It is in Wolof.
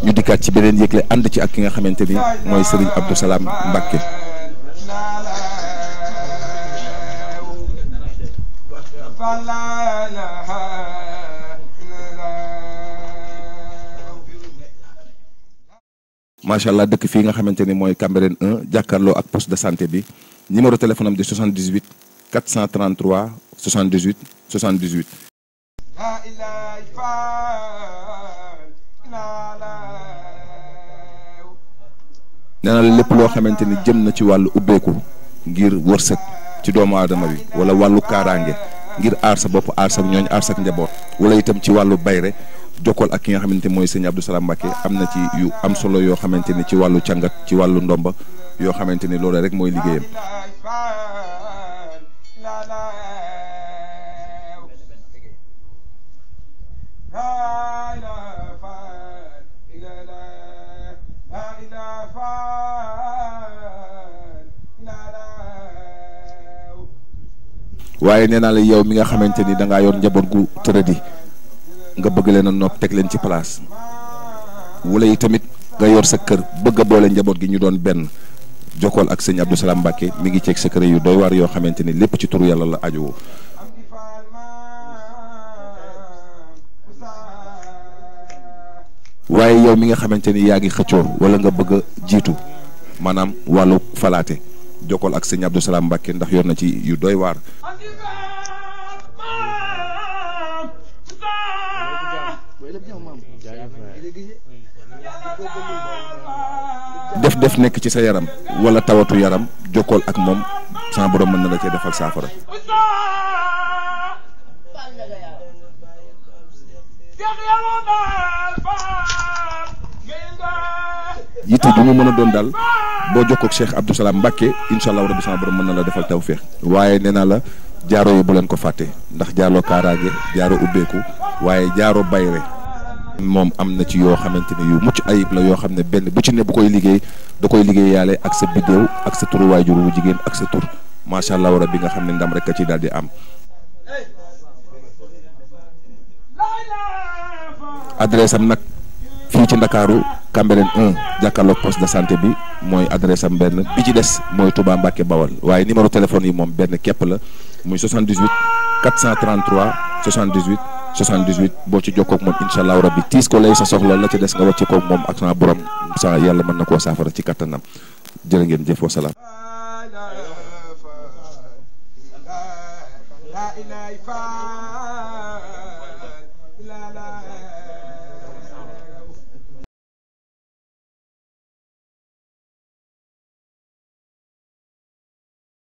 ñu dikkaat ci beneen yëgle ànd ci ak ki nga xamante ni mooy Serigne Abdou Salam Mbacke. macha allah dëkk fii nga xamante ni mooy Cambérène 1 ak poste de santé bi numéro téléphone am di 78 433 78 nee lépp loo xamante ni jëm na ci wàllu ubbeeku ngir wërsëg ci doomu aadama bi wala wàllu kaaraange ngir aar sa bopp aar sa ñooñ aar sa njaboot wala itam ci wàllu bayre jokkool ak ki nga xamante mooy sëñ Abdou Salam am na ci yu am solo yoo xamante ni ci wàllu càngat ci wàllu ndomba yoo xamante ni loolu rek mooy liggéeyam waaye nee naa la yow mi nga xamante ni da yor njaboot gu tëradi nga bëgg leen a nopp teg leen ci place wala yi tamit nga yor sa kër bëgg a boole njaboot gi ñu doon benn jokkool ak sëñ Abdou Salam mi ngi ceeg sa kër yu doy waar yoo xamante ni lépp ci turu yàlla la aju waaye yow mi nga xamante ni yaa ngi xëccoo wala nga bëgg jiitu maanaam wàllu falaate jokkool ak sëñ Abdou Salaam Mbacke ndax yor na ci yu doy waar. def def nekk ci sa yaram wala tawatu yaram jokkool ak moom sama borom mën na la cee defal saafara. yitte ju mu mën a doon daal. boo jokkoo ak Cheikh Abdou Salam Mbacke incha allah rabbi sama borom mën na la defal tawféex waaye nee naa la jaaro yi bu leen ko fàtte ndax jaaroo kaaraange jaaro ubbeeku waaye jaaro bayre moom am na ci yoo xamante ni yu mucc ayib la yoo xam ne benn bu ci ne bu koy liggéey da koy liggéey ak sa biddéew ak sa turu waajur wu jigéen ak sa tur macha allah rabbi nga xam ne ndam rek a ci dal di am. adresse am nag fii ci Ndakaaru. Cambérène 1 jàkkaarloog poste de santé bi mooy adresse am benn bi ci des mooy tubaa Mbacke Bawal waaye numéro téléphone yi moom benn képp la muy 78 433 78 78 boo ci jokkoog moom incha allahu rabbi tiis ko lay sa soxla la ci des nga wàcce koog moom ak sa borom sa yàlla mën na koo saafara ci kattanam jërë ngeen jëf salaam.